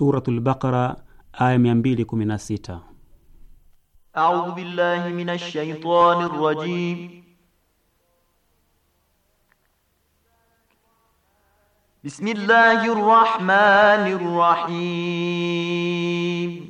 Suratul Baqara aya 216. A'udhu billahi minash shaitanir rajim. Bismillahir rahmanir rahim.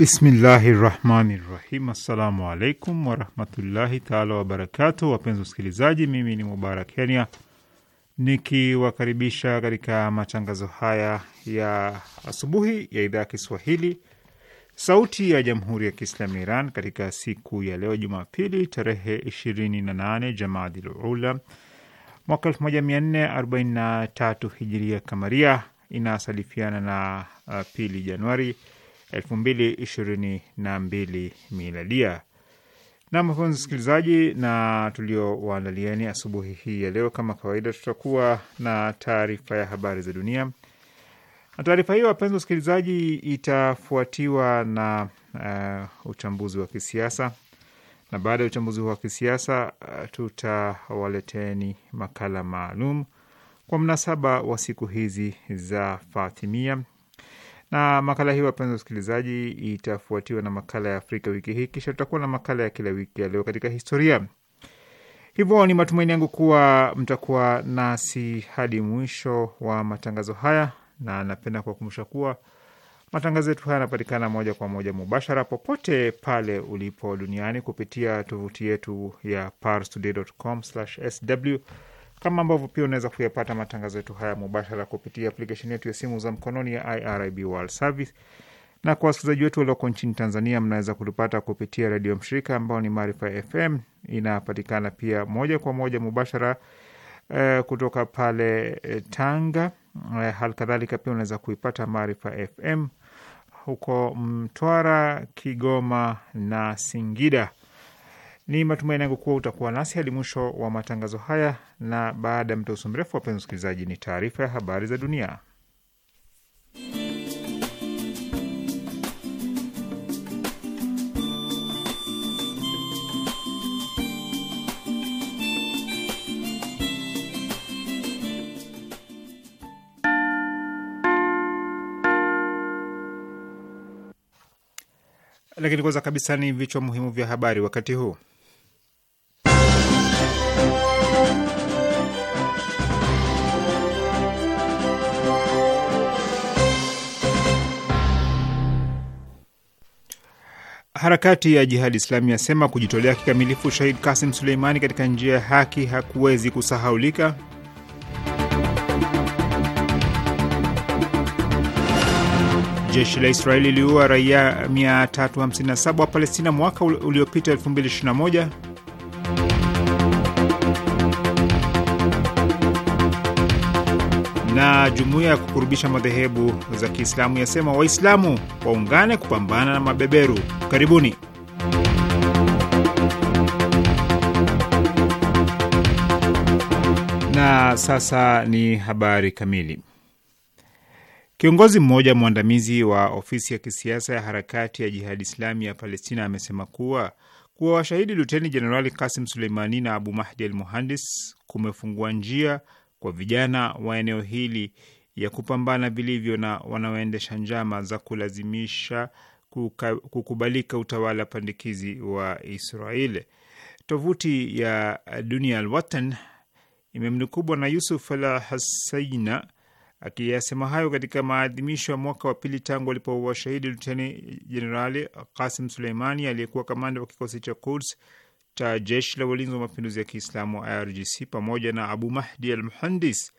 Bismillahi rahmani rahim. Assalamu alaikum warahmatullahi taala wabarakatu. Wapenzi wasikilizaji, mimi ni Mubarak Kenya nikiwakaribisha katika matangazo haya ya asubuhi ya idhaa ya Kiswahili sauti ya jamhuri ya Kiislamu ya Iran katika siku ya leo Jumapili tarehe 28 Jamaadil Ula mwaka 1443 hijiria kamaria inasalifiana na uh, pili Januari elfu mbili ishirini na mbili miladia. Na mpenzi msikilizaji, na tuliowaandalieni asubuhi hii ya leo, kama kawaida, tutakuwa na taarifa ya habari za dunia, na taarifa hiyo, wapenzi wasikilizaji, itafuatiwa na uh, uchambuzi wa kisiasa, na baada ya uchambuzi wa kisiasa uh, tutawaleteni makala maalum kwa mnasaba wa siku hizi za Fatimia na makala hiyo, wapenzi wasikilizaji, itafuatiwa na makala ya Afrika wiki hii, kisha tutakuwa na makala ya kila wiki ya leo katika historia. Hivyo ni matumaini yangu kuwa mtakuwa nasi hadi mwisho wa matangazo haya, na napenda kuwakumbusha kuwa matangazo yetu haya yanapatikana moja kwa moja mubashara popote pale ulipo duniani kupitia tovuti yetu ya parstoday.com/sw kama ambavyo pia unaweza kuyapata matangazo yetu haya mubashara kupitia aplikesheni yetu ya simu za mkononi ya IRIB World Service, na kwa wasikilizaji wetu walioko nchini Tanzania, mnaweza kutupata kupitia redio mshirika ambao ni Maarifa FM. Inapatikana pia moja kwa moja mubashara eh, kutoka pale eh, Tanga. Eh, hali kadhalika pia unaweza kuipata Maarifa FM huko Mtwara, Kigoma na Singida. Ni matumaini yangu kuwa utakuwa nasi hadi mwisho wa matangazo haya, na baada ya mtauso mrefu, wapenzi msikilizaji, ni taarifa ya habari za dunia. Lakini kwanza kabisa ni vichwa muhimu vya habari wakati huu. Harakati ya Jihadi Islami yasema kujitolea kikamilifu Shahid Kasim Suleimani katika njia ya haki hakuwezi kusahaulika. Jeshi la Israeli liua raia 357 wa Palestina mwaka uliopita 2021. na jumuiya ya kukurubisha madhehebu za Kiislamu yasema Waislamu waungane kupambana na mabeberu. Karibuni. Na sasa ni habari kamili. Kiongozi mmoja mwandamizi wa ofisi ya kisiasa ya harakati ya Jihadi Islami ya Palestina amesema kuwa kuwa washahidi Luteni Jenerali Kasim Suleimani na Abu Mahdi al Muhandis kumefungua njia kwa vijana wa eneo hili ya kupambana vilivyo na wanaoendesha njama za kulazimisha kuka, kukubalika utawala pandikizi wa israel Tovuti ya Dunia Alwatan imemnukuu Bwana Yusuf Al Hasaina akiyasema hayo katika maadhimisho ya mwaka wa pili tangu alipowashahidi Luteni Jenerali Kasim Suleimani aliyekuwa kamanda wa kikosi cha Kuds cha jeshi la walinzi wa mapinduzi ya Kiislamu IRGC pamoja na Abu Mahdi al Muhandis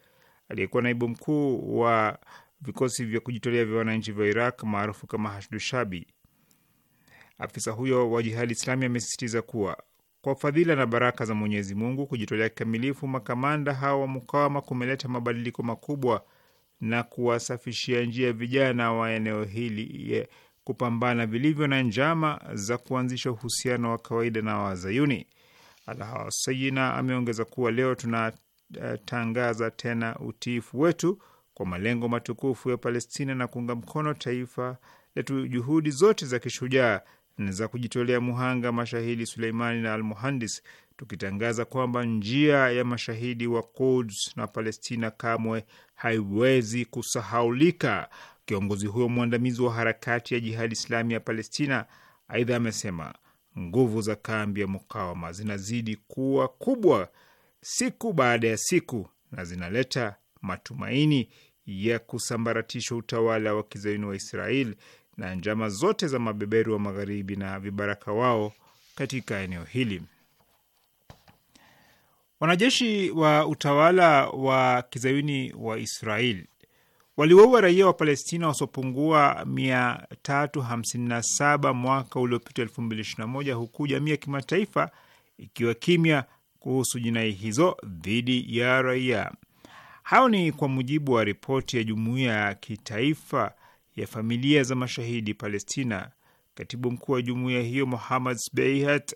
aliyekuwa naibu mkuu wa vikosi vya kujitolea vya wananchi vya Iraq maarufu kama Hashdushabi. Afisa huyo wa Jihadi Islami amesisitiza kuwa kwa fadhila na baraka za Mwenyezi Mungu, kujitolea kikamilifu makamanda hawa wa mukawama kumeleta mabadiliko makubwa na kuwasafishia njia vijana wa eneo hili kupambana vilivyo na njama za kuanzisha uhusiano wa kawaida na Wazayuni. Alhasayina ameongeza kuwa leo tunatangaza tena utiifu wetu kwa malengo matukufu ya Palestina na kuunga mkono taifa letu. Juhudi zote za kishujaa na za kujitolea muhanga mashahidi Suleimani na Almuhandis, tukitangaza kwamba njia ya mashahidi wa Quds na Palestina kamwe haiwezi kusahaulika. Kiongozi huyo mwandamizi wa harakati ya Jihadi Islami ya Palestina aidha amesema nguvu za kambi ya mukawama zinazidi kuwa kubwa siku baada ya siku na zinaleta matumaini ya kusambaratishwa utawala wa kizayuni wa Israel na njama zote za mabeberu wa magharibi na vibaraka wao katika eneo hili. Wanajeshi wa utawala wa kizayuni wa Israel waliwaua raia wa Palestina wasiopungua 357 mwaka uliopita 2021, huku jamii ya kimataifa ikiwa kimya kuhusu jinai hizo dhidi ya raia. Hayo ni kwa mujibu wa ripoti ya jumuiya ya kitaifa ya familia za mashahidi Palestina. Katibu mkuu wa jumuiya hiyo Muhammad Sbeihat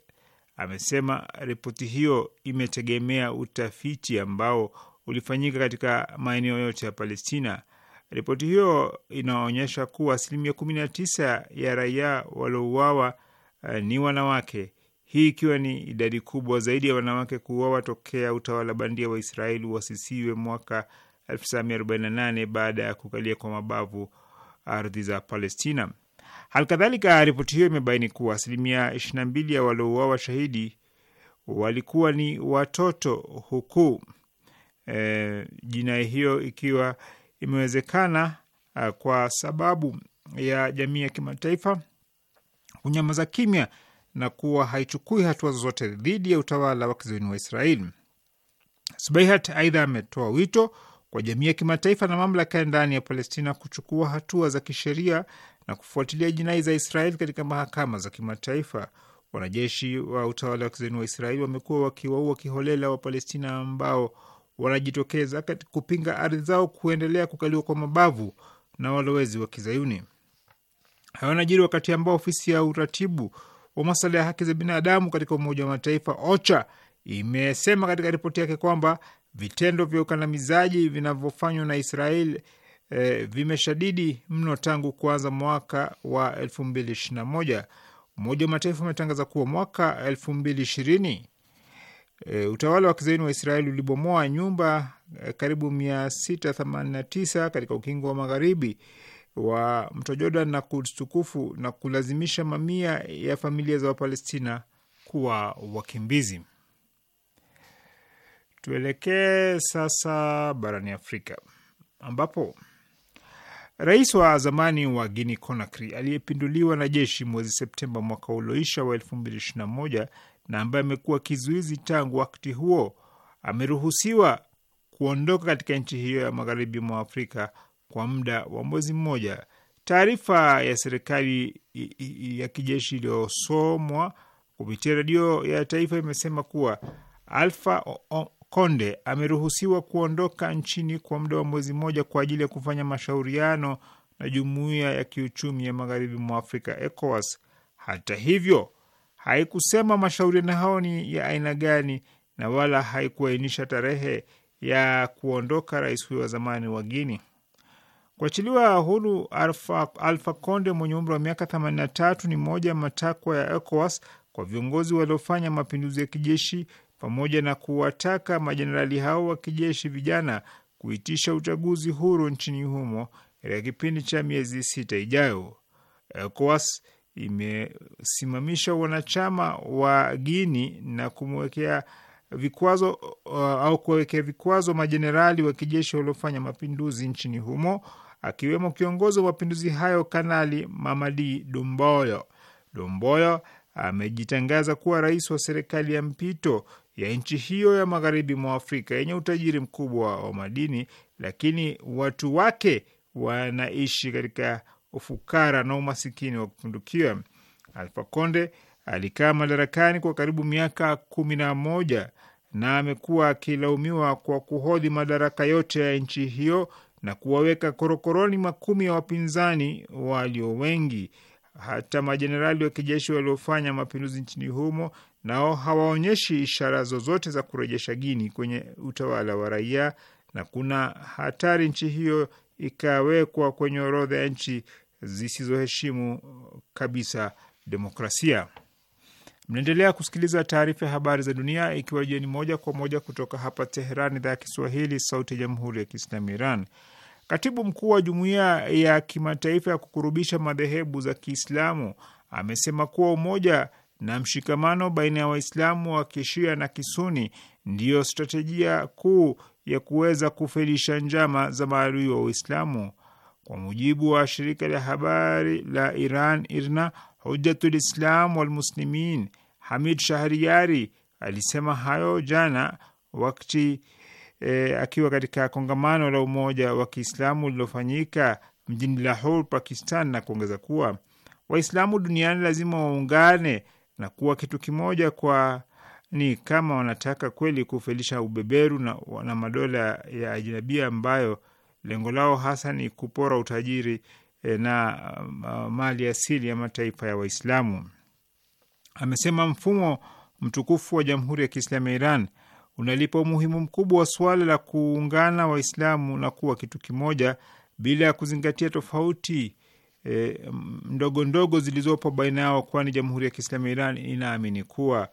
amesema ripoti hiyo imetegemea utafiti ambao ulifanyika katika maeneo yote ya Palestina. Ripoti hiyo inaonyesha kuwa asilimia kumi na tisa ya raia waliouawa uh, ni wanawake, hii ikiwa ni idadi kubwa zaidi ya wanawake kuuawa tokea utawala bandia wa Israeli wasisiwe mwaka 1948 baada ya kukalia kwa mabavu ardhi za Palestina. Halikadhalika, ripoti hiyo imebaini kuwa asilimia 22 ya waliouawa shahidi walikuwa ni watoto, huku e, jinai hiyo ikiwa imewezekana uh, kwa sababu ya jamii ya kimataifa kunyamaza kimya na kuwa haichukui hatua zozote dhidi ya utawala wa kizayuni wa Israeli. Subaihat aidha ametoa wito kwa jamii ya kimataifa na mamlaka ya ndani ya Palestina kuchukua hatua za kisheria na kufuatilia jinai za Israeli katika mahakama za kimataifa. Wanajeshi wa utawala wa kizayuni wa Israeli wamekuwa wakiwaua kiholela Wapalestina ambao wanajitokeza kupinga ardhi zao kuendelea kukaliwa kwa mabavu na walowezi wa Kizayuni. Hayo yanajiri wakati ambao ofisi ya uratibu wa masuala ya haki za binadamu katika Umoja wa Mataifa OCHA imesema katika ripoti yake kwamba vitendo vya ukandamizaji vinavyofanywa na Israel eh, vimeshadidi mno tangu kuanza mwaka wa 2021. Umoja wa Mataifa umetangaza kuwa mwaka 2020 E, utawala wa kizaini wa Israeli ulibomoa nyumba e, karibu 689 katika ukingo wa magharibi wa mto Jordan na Kuds tukufu na kulazimisha mamia ya familia za Wapalestina kuwa wakimbizi. Tuelekee sasa barani Afrika ambapo rais wa zamani wa Guinea Conakry aliyepinduliwa na jeshi mwezi Septemba mwaka ulioisha wa 2021 na ambaye amekuwa kizuizi tangu wakati huo ameruhusiwa kuondoka katika nchi hiyo ya magharibi mwa Afrika kwa muda wa mwezi mmoja. Taarifa ya serikali ya kijeshi iliyosomwa kupitia redio ya taifa imesema kuwa Alfa Konde ameruhusiwa kuondoka nchini kwa muda wa mwezi mmoja kwa ajili ya kufanya mashauriano na jumuiya ya kiuchumi ya magharibi mwa Afrika, ECOWAS. Hata hivyo Haikusema mashauriano hayo ni ya aina gani na wala haikuainisha tarehe ya kuondoka rais huyo wa zamani wa Guini. Kuachiliwa huru Alfa, Alfa Konde mwenye umri wa miaka 83 ni moja ya matakwa ya ECOWAS kwa viongozi waliofanya mapinduzi ya kijeshi, pamoja na kuwataka majenerali hao wa kijeshi vijana kuitisha uchaguzi huru nchini humo katika kipindi cha miezi sita ijayo. ECOWAS imesimamisha wanachama wa Gini na kumwekea vikwazo uh, au kuwekea vikwazo majenerali wa kijeshi waliofanya mapinduzi nchini humo akiwemo kiongozi wa mapinduzi hayo Kanali Mamadi Domboyo. Domboyo amejitangaza kuwa rais wa serikali ya mpito ya nchi hiyo ya magharibi mwa Afrika yenye utajiri mkubwa wa madini, lakini watu wake wanaishi katika ufukara na umasikini wa kupundukiwa Alfa Konde alikaa madarakani kwa karibu miaka kumi na moja na amekuwa akilaumiwa kwa kuhodhi madaraka yote ya nchi hiyo na kuwaweka korokoroni makumi ya wapinzani walio wengi. Hata majenerali wa kijeshi waliofanya mapinduzi nchini humo nao hawaonyeshi ishara zozote za kurejesha gini kwenye utawala wa raia, na kuna hatari nchi hiyo ikawekwa kwenye orodha ya nchi zisizoheshimu kabisa demokrasia. Mnaendelea kusikiliza taarifa ya habari za dunia, ikiwa jeni moja kwa moja kutoka hapa Teheran, idhaa ya Kiswahili, sauti ya jamhuri ya kiislamu Iran. Katibu mkuu wa jumuiya ya kimataifa ya kukurubisha madhehebu za Kiislamu amesema kuwa umoja na mshikamano baina ya Waislamu wa kishia na kisuni ndiyo stratejia kuu ya kuweza kufelisha njama za maadui wa Uislamu. Kwa mujibu wa shirika la habari la Iran IRNA, Hujjatul Islam wal Muslimin Hamid Shahriari alisema hayo jana wakati e, akiwa katika kongamano la umoja wa Kiislamu lilofanyika mjini Lahore, Pakistan, na kuongeza kuwa Waislamu duniani lazima waungane na kuwa kitu kimoja, kwani kama wanataka kweli kufelisha ubeberu na, na madola ya ajinabia ambayo Lengo lao hasa ni kupora utajiri e, na mali asili ya mataifa ya Waislamu. Amesema mfumo mtukufu wa Jamhuri ya Kiislamu ya Iran unalipa umuhimu mkubwa wa suala la kuungana Waislamu na kuwa kitu kimoja bila ya kuzingatia tofauti e, ndogo ndogo zilizopo baina yao, kwani Jamhuri ya Kiislamu ya Iran inaamini kuwa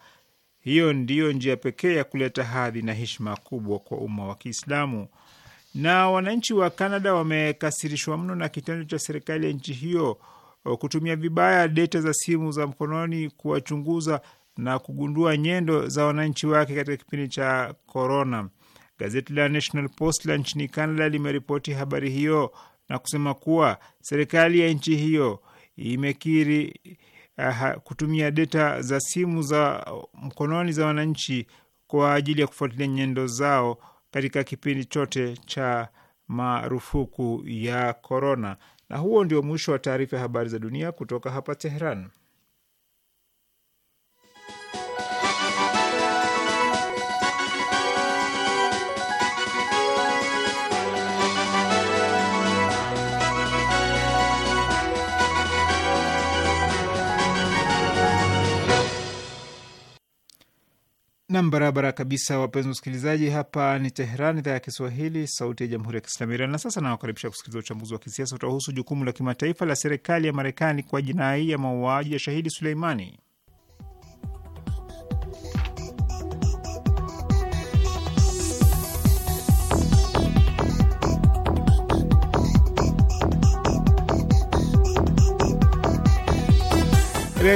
hiyo ndiyo njia pekee ya kuleta hadhi na heshima kubwa kwa umma wa Kiislamu. Na wananchi wa Kanada wamekasirishwa mno na kitendo cha serikali ya nchi hiyo uh, kutumia vibaya data za simu za mkononi kuwachunguza na kugundua nyendo za wananchi wake katika kipindi cha korona. Gazeti la National Post la nchini Canada limeripoti habari hiyo na kusema kuwa serikali ya nchi hiyo imekiri uh, kutumia data za simu za mkononi za wananchi kwa ajili ya kufuatilia nyendo zao katika kipindi chote cha marufuku ya korona. Na huo ndio mwisho wa taarifa ya habari za dunia kutoka hapa Teheran. Nam, barabara kabisa, wapenzi wasikilizaji, hapa ni Teheran, idhaa ya Kiswahili, sauti ya jamhuri ya kiislamu Iran. Na sasa nawakaribisha kusikiliza uchambuzi wa kisiasa utahusu jukumu la kimataifa la serikali ya Marekani kwa jinai ya mauaji ya shahidi Suleimani.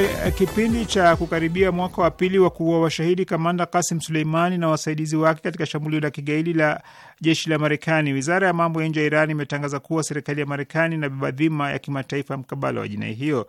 Katika eh, kipindi cha kukaribia mwaka wa pili wa kuua washahidi kamanda Kasim Suleimani na wasaidizi wake katika shambulio la kigaidi la jeshi la Marekani, wizara ya mambo ya nje ya Iran imetangaza kuwa serikali ya Marekani inabeba dhima ya kimataifa mkabala wa jinai hiyo.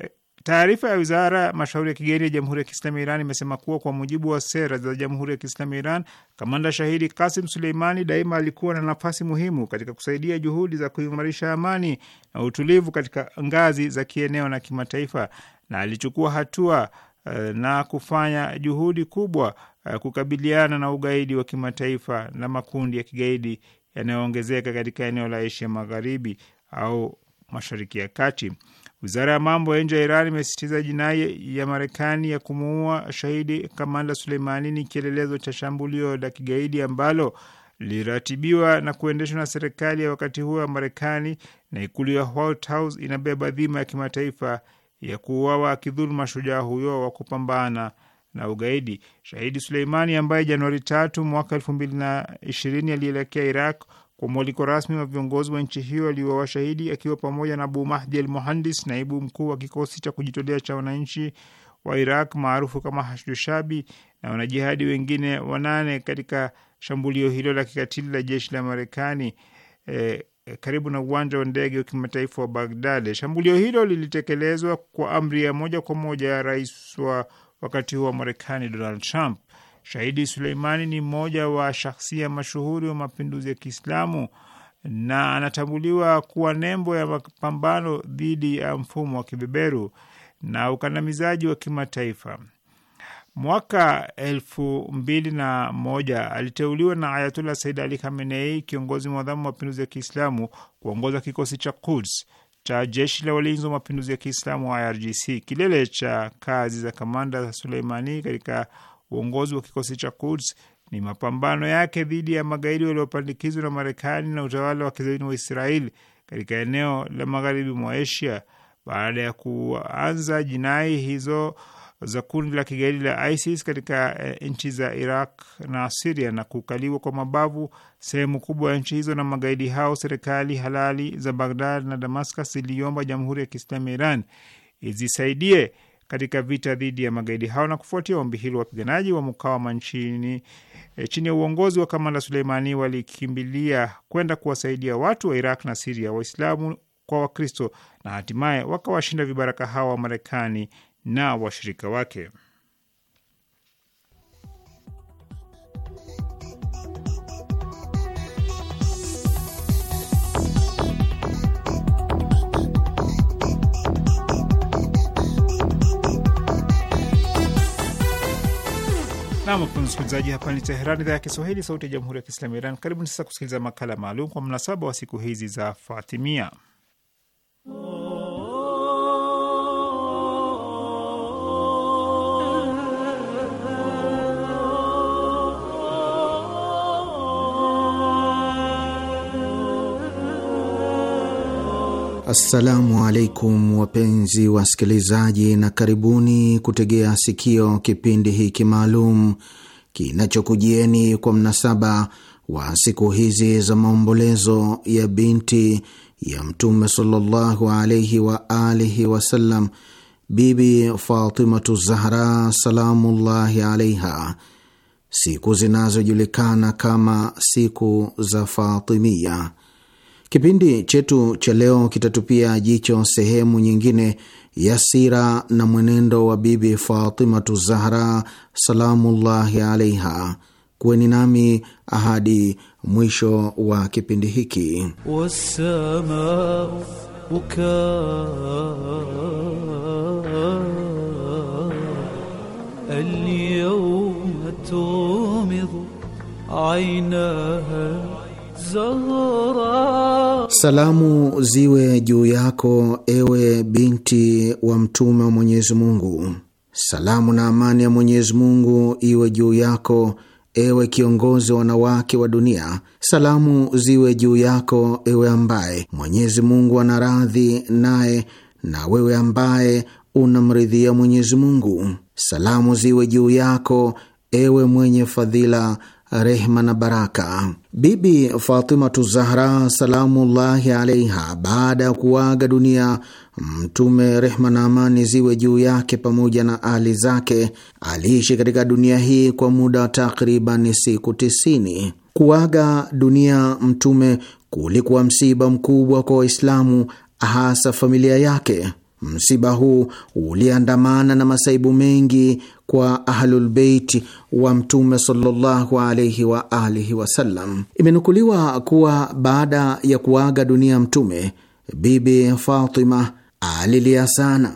Eh, taarifa ya wizara mashauri ya kigeni ya Jamhuri ya Kiislamu ya Iran imesema kuwa kwa mujibu wa sera za Jamhuri ya Kiislamu ya Iran, kamanda shahidi Kasim Suleimani daima alikuwa na nafasi muhimu katika kusaidia juhudi za kuimarisha amani na utulivu katika ngazi za kieneo na kimataifa na alichukua hatua eh, na kufanya juhudi kubwa eh, kukabiliana na ugaidi wa kimataifa na makundi ya kigaidi yanayoongezeka katika eneo la Asia Magharibi au Mashariki ya Kati. Wizara ya mambo ya nje ya Iran imesisitiza jinai ya Marekani ya kumuua shahidi kamanda Suleimani ni kielelezo cha shambulio la kigaidi ambalo liratibiwa na kuendeshwa na serikali ya wakati huo ya Marekani, na ikulu ya White House inabeba dhima ya kimataifa ya kuuawa akidhuluma shujaa huyo wa kupambana na ugaidi. Shahidi Suleimani ambaye Januari tatu mwaka elfu mbili na ishirini alielekea Iraq kwa mwaliko rasmi wa viongozi wa nchi hiyo aliwa shahidi akiwa pamoja na Abu Mahdi al Muhandis, naibu mkuu wa kikosi cha kujitolea cha wananchi wa Iraq maarufu kama Hashdushabi na wanajihadi wengine wanane katika shambulio hilo la kikatili la jeshi la Marekani eh, Eh, karibu na uwanja wa ndege wa kimataifa wa Bagdad. Shambulio hilo lilitekelezwa kwa amri ya moja kwa moja ya rais wa wakati huo wa Marekani, Donald Trump. Shahidi Suleimani ni mmoja wa shahsia mashuhuri wa mapinduzi ya Kiislamu na anatambuliwa kuwa nembo ya mapambano dhidi ya mfumo wa kibeberu na ukandamizaji wa kimataifa. Mwaka elfu mbili na moja aliteuliwa na Ayatullah Said Ali Khamenei, kiongozi mwadhamu wa mapinduzi ya Kiislamu, kuongoza kikosi cha Quds cha jeshi la walinzi wa mapinduzi ya Kiislamu IRGC. Kilele cha kazi za kamanda Suleimani katika uongozi wa kikosi cha Quds ni mapambano yake dhidi ya magaidi waliopandikizwa na Marekani na utawala wa kizayuni wa Israeli katika eneo la magharibi mwa Asia. Baada ya kuanza jinai hizo za kundi la kigaidi la ISIS katika e, nchi za Iraq na Siria na kukaliwa kwa mabavu sehemu kubwa ya nchi hizo na magaidi hao, serikali halali za Baghdad na Damascus ziliomba Jamhuri ya Kiislamu ya Iran izisaidie katika vita dhidi ya magaidi hao. Na kufuatia ombi hilo, wapiganaji wa mukawama nchini e, chini ya uongozi wa kamanda Suleimani walikimbilia kwenda kuwasaidia watu wa Iraq na Siria, Waislamu kwa Wakristo na hatimaye wakawashinda vibaraka hao wa Marekani na washirika wake. Namwapenza msikilizaji, hapa ni Teheran, idhaa ya Kiswahili, sauti ya jamhuri ya kiislamu ya Iran. Karibuni sasa kusikiliza makala maalum kwa mnasaba wa siku hizi za Fatimia. Assalamu alaikum wapenzi wasikilizaji, na karibuni kutegea sikio kipindi hiki maalum kinachokujieni kwa mnasaba wa siku hizi za maombolezo ya binti ya Mtume sallallahu alaihi wa alihi wasallam, Bibi Fatimatu Zahra salamullahi alaiha, siku zinazojulikana kama siku za Fatimia. Kipindi chetu cha leo kitatupia jicho sehemu nyingine ya sira na mwenendo wa Bibi Fatimatu Zahra salamullahi alaiha. Kuweni nami ahadi mwisho wa kipindi hiki. Salamu ziwe juu yako, ewe binti wa mtume wa Mwenyezi Mungu. Salamu na amani ya Mwenyezi Mungu iwe juu yako, ewe kiongozi wa wanawake wa dunia. Salamu ziwe juu yako, ewe ambaye Mwenyezi Mungu radhi naye na wewe ambaye unamridhia Mwenyezi Mungu. Salamu ziwe juu yako, ewe mwenye fadhila rehma na baraka. Bibi Fatimatu Zahra salamullahi alaiha, baada ya kuaga dunia Mtume, rehma na amani ziwe juu yake pamoja na ahli zake, aliishi katika dunia hii kwa muda wa takriban siku tisini. Kuaga dunia Mtume kulikuwa msiba mkubwa kwa Waislamu, hasa familia yake. Msiba huu uliandamana na masaibu mengi kwa Ahlulbeiti wa Mtume sallallahu alaihi wa alihi wasallam. Imenukuliwa kuwa baada ya kuaga dunia Mtume, Bibi Fatima alilia sana,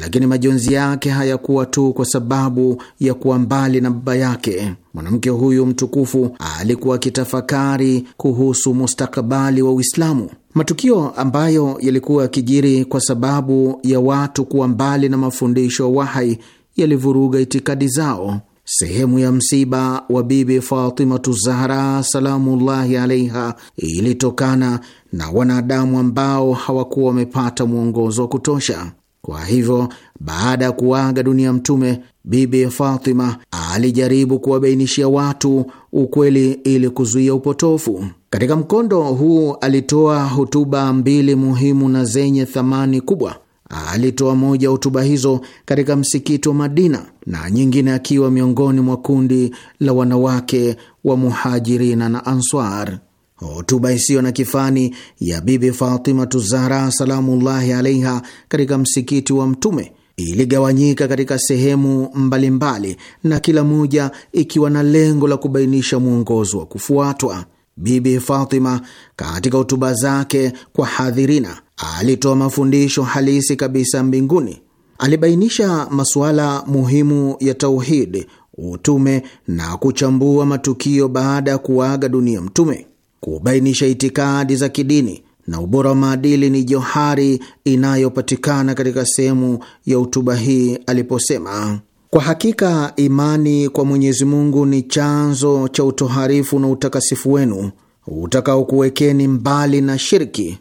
lakini majonzi yake hayakuwa tu kwa sababu ya kuwa mbali na baba yake. Mwanamke huyu mtukufu alikuwa akitafakari kuhusu mustakabali wa Uislamu. Matukio ambayo yalikuwa yakijiri kwa sababu ya watu kuwa mbali na mafundisho wahai yalivuruga itikadi zao. Sehemu ya msiba wa Bibi Fatimatu Zahra salamullahi alaiha ilitokana na wanadamu ambao hawakuwa wamepata mwongozo wa kutosha. Kwa hivyo, baada ya kuaga dunia Mtume, Bibi Fatima alijaribu kuwabainishia watu ukweli ili kuzuia upotofu. Katika mkondo huu alitoa hutuba mbili muhimu na zenye thamani kubwa alitoa moja ya hotuba hizo katika msikiti wa Madina na nyingine akiwa miongoni mwa kundi la wanawake wa Muhajirina na Answar. Hotuba isiyo na kifani ya Bibi Fatimatu Zahra salamullahi alaiha katika msikiti wa Mtume iligawanyika katika sehemu mbalimbali mbali, na kila moja ikiwa na lengo la kubainisha mwongozo wa kufuatwa. Bibi Fatima katika hotuba zake kwa hadhirina alitoa mafundisho halisi kabisa mbinguni. Alibainisha masuala muhimu ya tauhidi, utume na kuchambua matukio baada ya kuaga dunia Mtume. Kubainisha itikadi za kidini na ubora wa maadili ni johari inayopatikana katika sehemu ya hotuba hii aliposema: kwa hakika imani kwa Mwenyezi Mungu ni chanzo cha utoharifu na utakasifu wenu utakaokuwekeni mbali na shirki.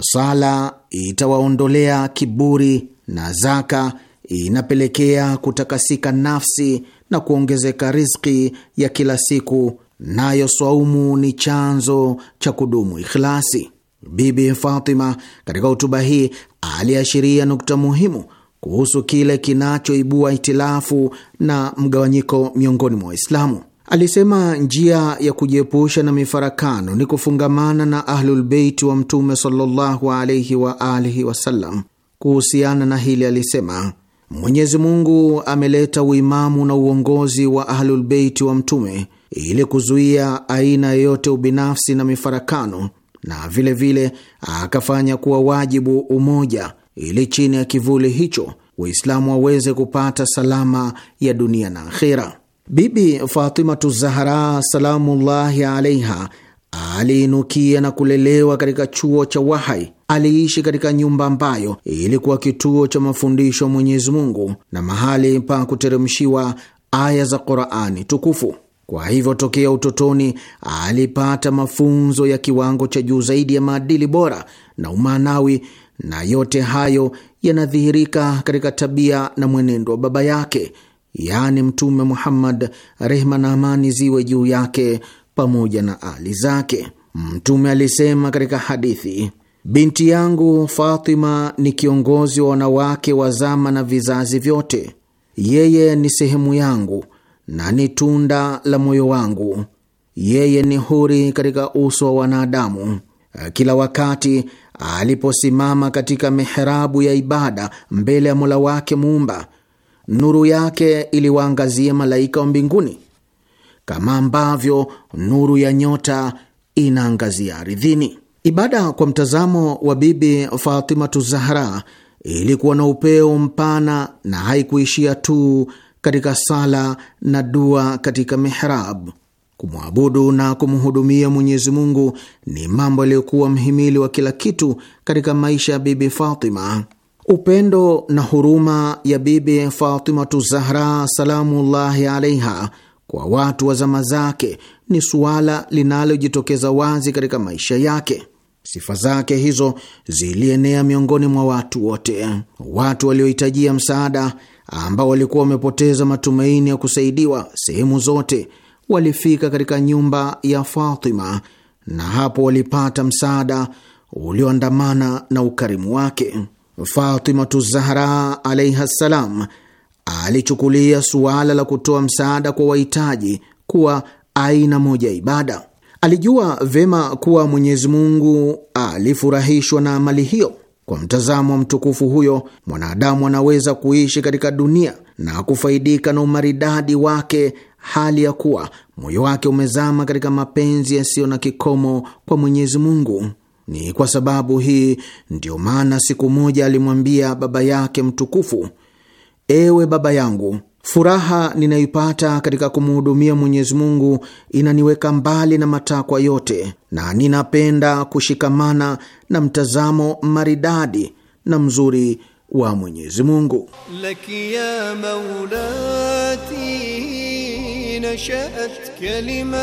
Sala itawaondolea kiburi na zaka inapelekea kutakasika nafsi na kuongezeka riziki ya kila siku, nayo swaumu ni chanzo cha kudumu ikhlasi. Bibi Fatima katika hotuba hii aliashiria nukta muhimu kuhusu kile kinachoibua itilafu na mgawanyiko miongoni mwa Waislamu. Alisema njia ya kujiepusha na mifarakano ni kufungamana na Ahlulbeiti wa Mtume sallallahu alaihi wa alihi wasallam. Kuhusiana na hili alisema Mwenyezi Mungu ameleta uimamu na uongozi wa Ahlulbeiti wa Mtume ili kuzuia aina yoyote ubinafsi na mifarakano, na vilevile vile, akafanya kuwa wajibu umoja ili chini ya kivuli hicho Waislamu waweze kupata salama ya dunia na akhera. Bibi Fatimatu Zahra salamullahi alaiha aliinukia na kulelewa katika chuo cha wahai. Aliishi katika nyumba ambayo ilikuwa kituo cha mafundisho ya Mwenyezi Mungu na mahali pa kuteremshiwa aya za Qurani tukufu. Kwa hivyo tokea utotoni alipata mafunzo ya kiwango cha juu zaidi ya maadili bora na umaanawi na yote hayo yanadhihirika katika tabia na mwenendo wa baba yake, yaani Mtume Muhammad, rehma na amani ziwe juu yake, pamoja na ali zake. Mtume alisema katika hadithi, binti yangu Fatima ni kiongozi wa wanawake wa zama na vizazi vyote. Yeye ni sehemu yangu na ni tunda la moyo wangu. Yeye ni huri katika uso wa wanadamu. Kila wakati aliposimama katika miherabu ya ibada mbele ya Mola wake Muumba, nuru yake iliwaangazia malaika wa mbinguni kama ambavyo nuru ya nyota inaangazia ardhini. Ibada kwa mtazamo wa Bibi Fatimatu Zahra ilikuwa na upeo mpana na haikuishia tu katika sala na dua katika mihrabu. Kumwabudu na kumhudumia Mwenyezi Mungu ni mambo yaliyokuwa mhimili wa kila kitu katika maisha ya Bibi Fatima. Upendo na huruma ya Bibi Fatimatu Zahra salamullahi alaiha kwa watu wa zama zake ni suala linalojitokeza wazi katika maisha yake. Sifa zake hizo zilienea miongoni mwa watu wote. Watu waliohitajia msaada, ambao walikuwa wamepoteza matumaini ya kusaidiwa sehemu zote, walifika katika nyumba ya Fatima na hapo walipata msaada ulioandamana na ukarimu wake. Fatimatu Zahra alaiha ssalam alichukulia suala la kutoa msaada kwa wahitaji kuwa aina moja ya ibada. Alijua vema kuwa Mwenyezi Mungu alifurahishwa na amali hiyo. Kwa mtazamo wa mtukufu huyo, mwanadamu anaweza kuishi katika dunia na kufaidika na umaridadi wake hali ya kuwa moyo wake umezama katika mapenzi yasiyo na kikomo kwa Mwenyezi Mungu. Ni kwa sababu hii ndiyo maana siku moja alimwambia baba yake mtukufu, ewe baba yangu, furaha ninayoipata katika kumhudumia Mwenyezi Mungu inaniweka mbali na matakwa yote, na ninapenda kushikamana na mtazamo maridadi na mzuri wa Mwenyezi Mungu. Laki ya maulati نشأت كلماتي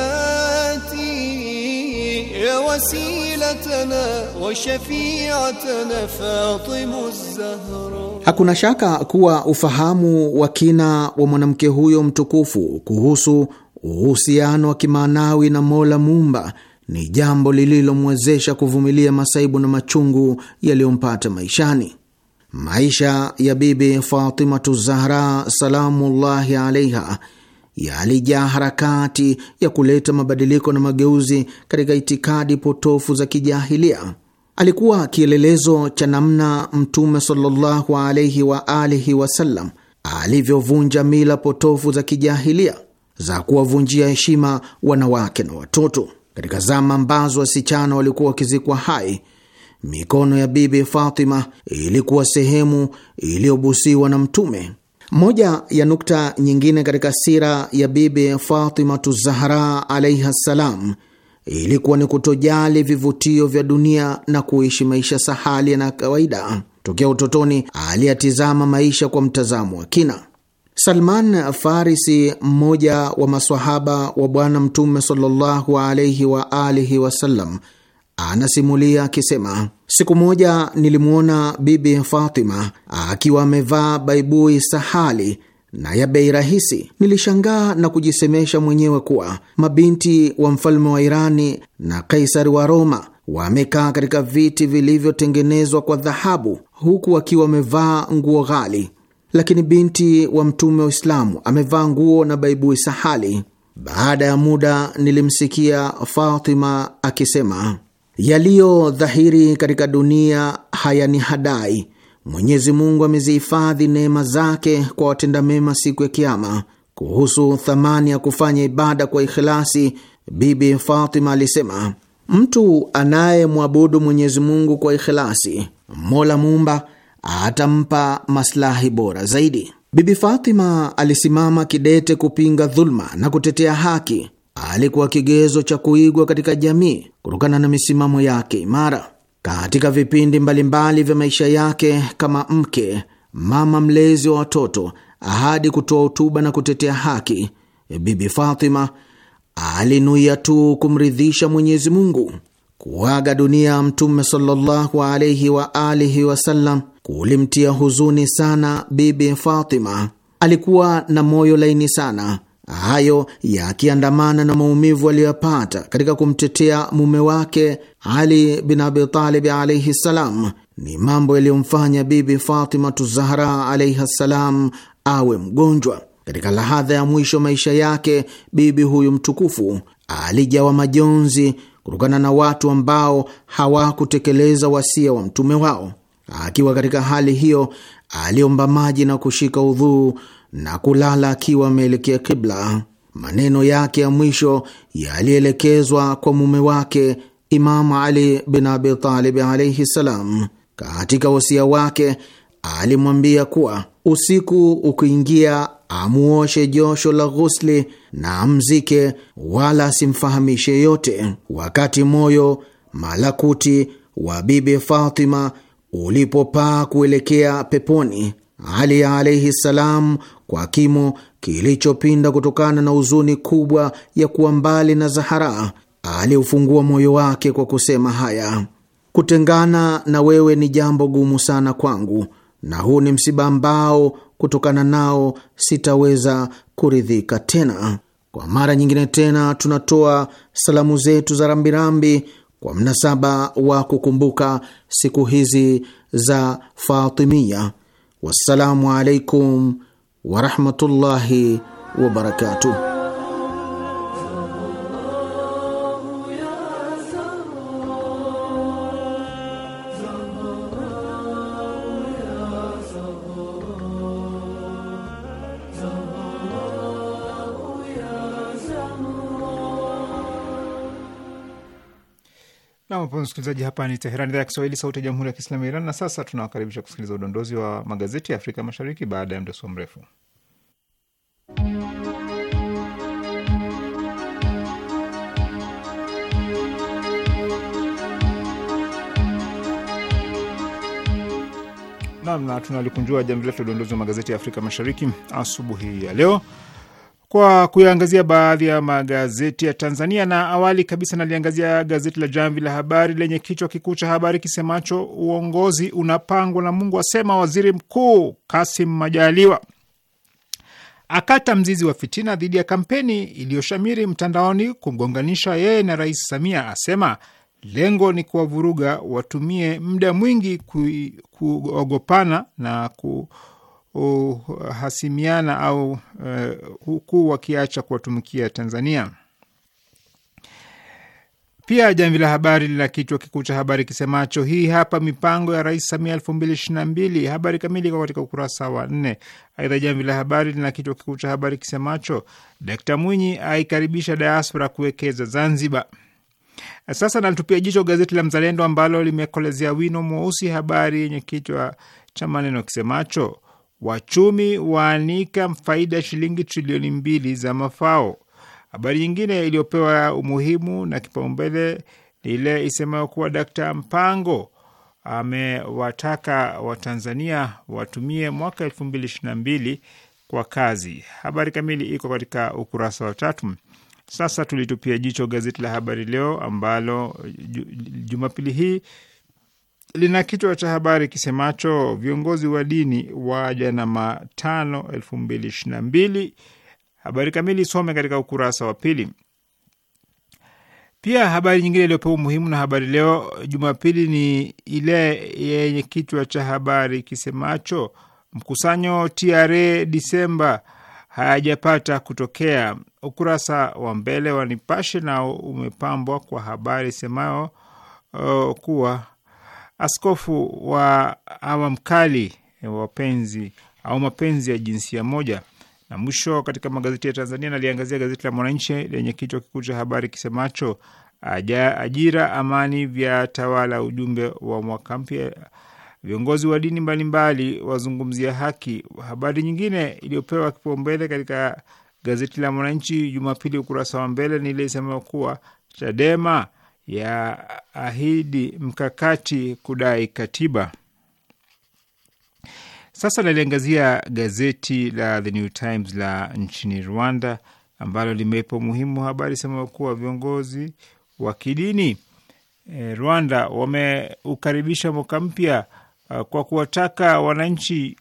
يا وسيلتنا وشفيعتنا فاطم الزهراء Hakuna shaka kuwa ufahamu wa kina wa mwanamke huyo mtukufu kuhusu uhusiano wa kimaanawi na Mola Muumba ni jambo lililomwezesha kuvumilia masaibu na machungu yaliyompata maishani. Maisha ya Bibi Fatimatu Zahra salamullahi alaiha yalijaa harakati ya kuleta mabadiliko na mageuzi katika itikadi potofu za kijahilia. Alikuwa kielelezo cha namna Mtume sallallahu alaihi wa alihi wasallam alivyovunja mila potofu za kijahilia za kuwavunjia heshima wanawake na watoto katika zama ambazo wasichana walikuwa wakizikwa hai. Mikono ya Bibi Fatima ilikuwa sehemu iliyobusiwa na Mtume. Moja ya nukta nyingine katika sira ya Bibi Fatimatu Zahra alaihi ssalam ilikuwa ni kutojali vivutio vya dunia na kuishi maisha sahali na kawaida. Tokea utotoni aliyatizama maisha kwa mtazamo wa kina. Salman Farisi, mmoja wa maswahaba wa Bwana Mtume sallallahu alaihi wa alihi wasallam anasimulia akisema, siku moja nilimwona Bibi Fatima akiwa amevaa baibui sahali na ya bei rahisi. Nilishangaa na kujisemesha mwenyewe kuwa mabinti wa mfalme wa Irani na kaisari wa Roma wamekaa katika viti vilivyotengenezwa kwa dhahabu, huku wakiwa wamevaa nguo ghali, lakini binti wa mtume wa Uislamu amevaa nguo na baibui sahali. Baada ya muda nilimsikia Fatima akisema yaliyo dhahiri katika dunia hadai. Mwenyezi Mungu amezihifadhi neema zake kwa watenda mema siku ya Kiama. Kuhusu thamani ya kufanya ibada kwa ikhilasi, Bibi Fatima alisema, mtu anayemwabudu Mwenyezi Mungu kwa ikhilasi, Mola Muumba atampa maslahi bora zaidi. Bibi Fatima alisimama kidete kupinga dhuluma na kutetea haki alikuwa kigezo cha kuigwa katika jamii kutokana na misimamo yake imara. Katika vipindi mbalimbali vya maisha yake kama mke, mama mlezi wa watoto, ahadi kutoa hotuba na kutetea haki, Bibi Fatima alinuia tu kumridhisha Mwenyezi Mungu. Kuaga dunia Mtume sallallahu alaihi wa alihi wasallam kulimtia huzuni sana Bibi Fatima. Alikuwa na moyo laini sana hayo yakiandamana na maumivu aliyoyapata katika kumtetea mume wake Ali bin Abitalib alaihi ssalam, ni mambo yaliyomfanya Bibi Fatimatu Zahra alaihi ssalam awe mgonjwa. Katika lahadha ya mwisho maisha yake, bibi huyu mtukufu alijawa majonzi kutokana na watu ambao hawakutekeleza wasia wa mtume wao. Akiwa katika hali hiyo, aliomba maji na kushika udhuu na kulala akiwa ameelekea kibla. Maneno yake ya mwisho yalielekezwa kwa mume wake Imamu Ali bin Abi Talib alaihi ssalam. Katika wasia wake alimwambia kuwa usiku ukiingia, amuoshe josho la ghusli na amzike, wala asimfahamishe yote. Wakati moyo malakuti wa Bibi Fatima ulipopaa kuelekea peponi, Ali alaihi ssalam kwa kimo kilichopinda kutokana na huzuni kubwa ya kuwa mbali na Zahara. Aliufungua moyo wake kwa kusema haya: kutengana na wewe ni jambo gumu sana kwangu, na huu ni msiba ambao kutokana nao sitaweza kuridhika tena. Kwa mara nyingine tena tunatoa salamu zetu za rambirambi kwa mnasaba wa kukumbuka siku hizi za Fatimia. Wassalamu alaikum ورحمه الله وبركاته msikilizaji, hapa ni Teherani, idhaa ya Kiswahili, sauti ya jamhuri ya kiislamu ya Iran. Na sasa tunawakaribisha kusikiliza udondozi wa magazeti ya Afrika Mashariki baada ya mdoso mrefu. Namna tunalikunjua jamvi letu udondozi wa magazeti ya Afrika Mashariki asubuhi ya leo kwa kuyaangazia baadhi ya magazeti ya Tanzania na awali kabisa naliangazia gazeti la Jamvi la Habari lenye kichwa kikuu cha habari kisemacho uongozi unapangwa na Mungu, asema waziri mkuu Kasim Majaliwa, akata mzizi wa fitina dhidi ya kampeni iliyoshamiri mtandaoni kumgonganisha yeye na Rais Samia, asema lengo ni kuwavuruga watumie muda mwingi kuogopana na ku uhasimiana au uh, huku wakiacha kuwatumikia Tanzania. Pia Jamvi la Habari lina kichwa kikuu cha habari kisemacho hii hapa mipango ya Rais Samia elfu mbili ishirini na mbili. Habari kamili iko katika ukurasa wa nne. Aidha, Jamvi la Habari lina kichwa kikuu cha habari kisemacho Dkt Mwinyi aikaribisha diaspora kuwekeza Zanzibar. Sasa nalitupia jicho gazeti la Mzalendo ambalo limekolezea wino mweusi habari yenye kichwa cha maneno kisemacho Wachumi waanika faida shilingi trilioni mbili za mafao. Habari nyingine iliyopewa umuhimu na kipaumbele ni ile isemayo kuwa Dkt Mpango amewataka Watanzania watumie mwaka elfu mbili ishirini na mbili kwa kazi. Habari kamili iko katika ukurasa wa tatu. Sasa tulitupia jicho gazeti la Habari Leo ambalo Jumapili hii lina kichwa cha habari kisemacho viongozi wa dini waja na matano elfu mbili ishirini na mbili. Habari kamili isome katika ukurasa wa pili. Pia habari nyingine iliyopewa umuhimu na Habari Leo Jumapili ni ile yenye kichwa cha habari kisemacho mkusanyo TRA Disemba hayajapata kutokea. Ukurasa wa mbele wa Nipashe nao umepambwa kwa habari semayo uh, oh, kuwa askofu wa awa mkali eh, wapenzi au mapenzi ya jinsia moja. Na mwisho katika magazeti ya Tanzania naliangazia gazeti la Mwananchi lenye kichwa kikuu cha habari kisemacho ajira amani vya tawala ujumbe wa mwaka mpya, viongozi wa dini mbalimbali wazungumzia haki. Habari nyingine iliyopewa kipaumbele katika gazeti la Mwananchi Jumapili ukurasa wa mbele ni ile kuwa Chadema ya ahidi mkakati kudai katiba. Sasa naliangazia gazeti la The New Times la nchini Rwanda ambalo limeipa umuhimu habari sema kuwa viongozi wa kidini e, Rwanda wameukaribisha mwaka mpya ah, kwa kuwataka wananchi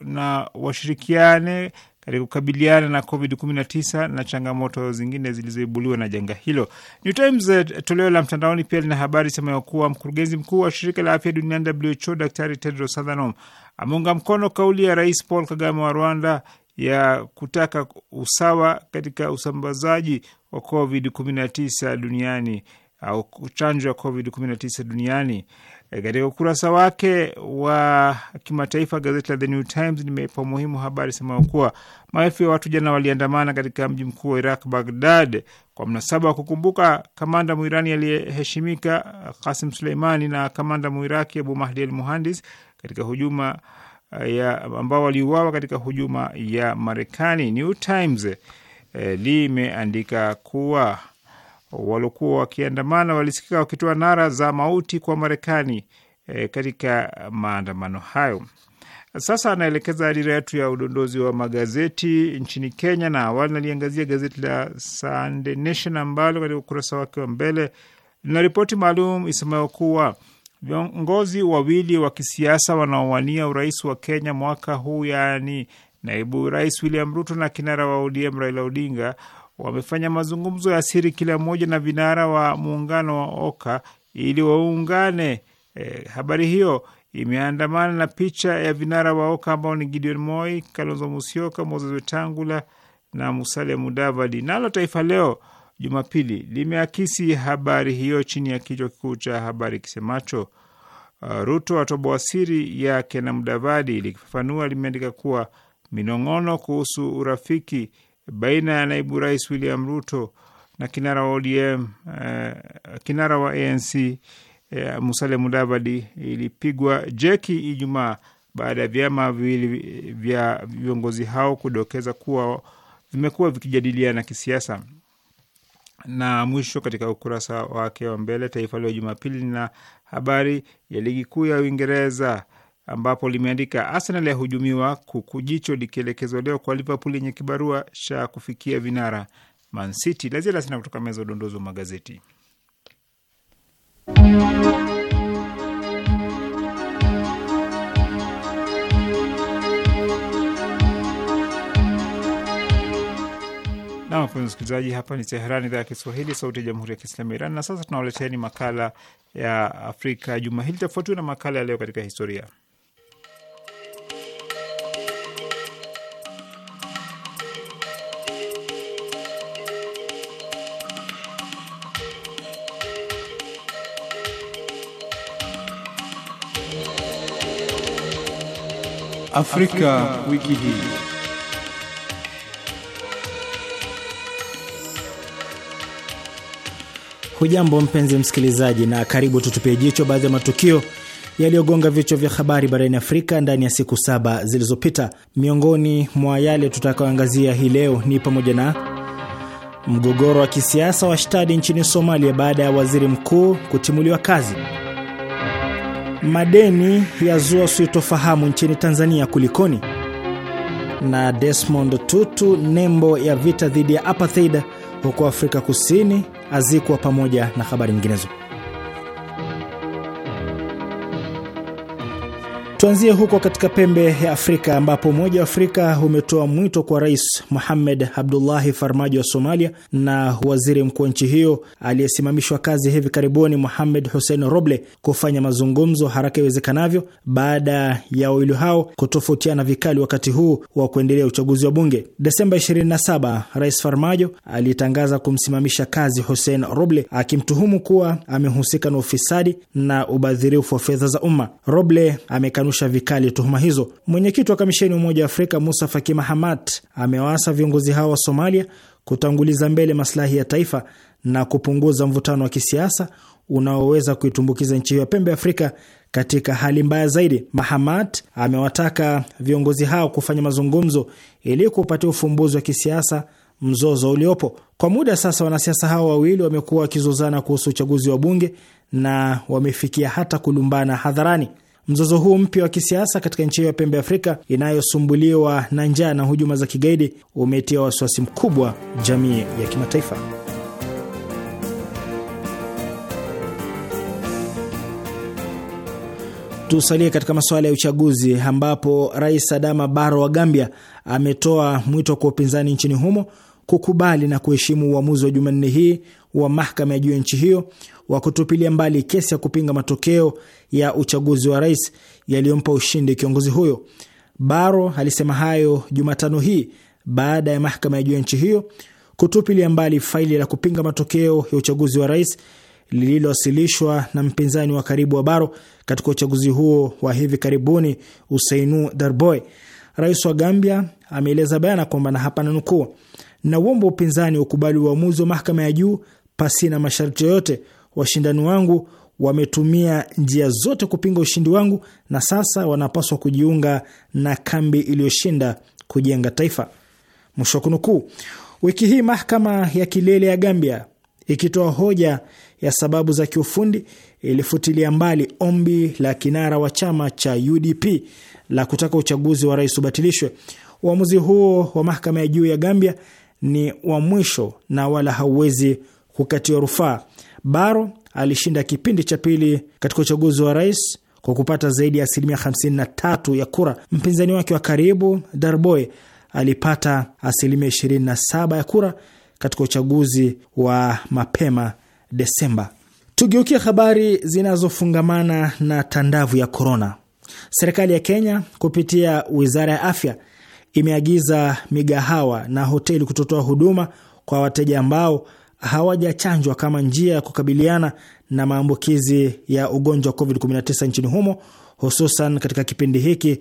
na washirikiane katika kukabiliana na COVID-19 na changamoto zingine zilizoibuliwa na janga hilo. New Times eh, toleo la mtandaoni pia lina habari semayo kuwa mkurugenzi mkuu wa shirika la afya duniani WHO Daktari Tedros Adhanom ameunga mkono kauli ya Rais Paul Kagame wa Rwanda ya kutaka usawa katika usambazaji wa COVID-19 duniani au chanjo ya COVID-19 duniani. Katika ukurasa wake wa kimataifa gazeti la The New Times limeipa umuhimu habari sema kuwa maelfu ya watu jana waliandamana katika mji mkuu wa Iraq, Baghdad, kwa mnasaba wa kukumbuka kamanda Muirani aliyeheshimika Kasim Suleimani na kamanda Muiraki Abu Mahdi al Muhandis katika hujuma eh, ya ambao waliuawa katika hujuma ya Marekani. New Times eh, limeandika kuwa waliokuwa wakiandamana walisikika wakitoa nara za mauti kwa Marekani e, katika maandamano hayo. Sasa anaelekeza dira yetu ya udondozi wa magazeti nchini Kenya, na awali naliangazia gazeti la Sunday Nation ambalo katika ukurasa wake wa mbele lina ripoti maalum isemayo kuwa viongozi wawili wa kisiasa wanaowania urais wa Kenya mwaka huu, yaani naibu rais William Ruto na kinara wa ODM Raila Odinga wamefanya mazungumzo ya siri kila mmoja na vinara wa muungano wa OKA ili waungane. E, habari hiyo imeandamana na picha ya vinara wa OKA ambao ni Gideon Moi, Kalonzo Musyoka, Moses Wetangula na Musalia Mudavadi. Nalo Taifa Leo Jumapili limeakisi habari hiyo chini ya kichwa kikuu cha habari kisemacho uh, Ruto atoboa siri yake na Mudavadi. Likifafanua limeandika kuwa minong'ono kuhusu urafiki baina ya naibu rais William Ruto na kinara wa ODM uh, eh, kinara wa ANC uh, eh, Musale Mudavadi ilipigwa jeki Ijumaa baada ya vyama viwili vya viongozi hao kudokeza kuwa vimekuwa vikijadiliana kisiasa. Na mwisho katika ukurasa wake wa mbele, Taifa Leo Jumapili na habari ya ligi kuu ya Uingereza ambapo limeandika Arsenal yahujumiwa kuku jicho likielekezwa leo kwa Liverpool yenye kibarua cha kufikia vinara Man City. Lazia lasina kutoka meza udondozi wa magazeti Namwapenza msikilizaji, hapa ni teheran idhaa ya Kiswahili, sauti ya jamhuri ya kiislamu ya Iran. Na sasa tunawaleteeni makala ya Afrika juma hili, tofautiwa na makala ya leo katika historia. Afrika, wiki hii. Hujambo mpenzi msikilizaji, na karibu tutupie jicho baadhi ya matukio yaliyogonga vichwa vya habari barani Afrika ndani ya siku saba zilizopita. Miongoni mwa yale tutakayoangazia hii leo ni pamoja na mgogoro wa kisiasa wa shtadi nchini Somalia baada ya waziri mkuu kutimuliwa kazi madeni ya zua sitofahamu nchini Tanzania kulikoni? Na Desmond Tutu, nembo ya vita dhidi ya apartheid huko Afrika Kusini, azikwa pamoja na habari nyinginezo. Tuanzie huko katika pembe ya Afrika ambapo Umoja wa Afrika umetoa mwito kwa Rais Mohamed Abdullahi Farmajo wa Somalia na waziri mkuu wa nchi hiyo aliyesimamishwa kazi hivi karibuni Mohamed Hussein Roble kufanya mazungumzo haraka iwezekanavyo baada ya wawili hao kutofautiana vikali wakati huu wa kuendelea uchaguzi wa bunge. Desemba 27, Rais Farmajo alitangaza kumsimamisha kazi Hussein Roble akimtuhumu kuwa amehusika na ufisadi na ubadhirifu wa fedha za umma. Roble amekan amekanusha vikali tuhuma hizo. Mwenyekiti wa kamisheni ya Umoja wa Afrika Musa Faki Mahamat amewaasa viongozi hao wa Somalia kutanguliza mbele maslahi ya taifa na kupunguza mvutano wa kisiasa unaoweza kuitumbukiza nchi hiyo ya pembe Afrika katika hali mbaya zaidi. Mahamat amewataka viongozi hao kufanya mazungumzo ili kupatia ufumbuzi wa kisiasa mzozo uliopo kwa muda sasa. Wanasiasa hao wawili wamekuwa wakizozana kuhusu uchaguzi wa bunge na wamefikia hata kulumbana hadharani. Mzozo huu mpya wa kisiasa katika nchi hiyo ya pembe Afrika inayosumbuliwa na njaa na hujuma za kigaidi umetia wasiwasi mkubwa jamii ya kimataifa. Tusalie katika masuala ya uchaguzi ambapo Rais Adama Barrow wa Gambia ametoa mwito kwa upinzani nchini humo kukubali na kuheshimu uamuzi wa Jumanne hii wa mahakama ya juu ya nchi hiyo wa kutupilia mbali kesi ya kupinga matokeo ya uchaguzi wa rais yaliyompa ushindi kiongozi huyo. Baro alisema hayo Jumatano hii baada ya mahakama ya juu ya nchi hiyo kutupilia mbali faili la kupinga matokeo ya uchaguzi wa rais lililowasilishwa na mpinzani wa karibu wa Baro katika uchaguzi huo wa hivi karibuni, Usainu Darboy. Rais wa Gambia ameeleza bayana kwamba na hapa nanukuu, na uomba upinzani wa ukubali uamuzi wa mahakama ya juu pasi na masharti yoyote, washindani wangu wametumia njia zote kupinga ushindi wangu, na sasa wanapaswa kujiunga na kambi iliyoshinda kujenga taifa. Mwisho wa kunukuu. Wiki hii mahakama ya kilele ya Gambia ikitoa hoja ya sababu za kiufundi ilifutilia mbali ombi la kinara wa chama cha UDP la kutaka uchaguzi wa rais ubatilishwe. Uamuzi huo wa mahakama ya juu ya Gambia ni wa mwisho na wala hauwezi kukatiwa rufaa. Baro alishinda kipindi cha pili katika uchaguzi wa rais kwa kupata zaidi ya asilimia 53 ya kura. Mpinzani wake wa karibu Darboy alipata asilimia 27 ya kura katika uchaguzi wa mapema Desemba. Tugeukia habari zinazofungamana na tandavu ya korona. Serikali ya Kenya kupitia wizara ya afya imeagiza migahawa na hoteli kutotoa huduma kwa wateja ambao hawajachanjwa kama njia ya kukabiliana na maambukizi ya ugonjwa wa COVID-19 nchini humo, hususan katika kipindi hiki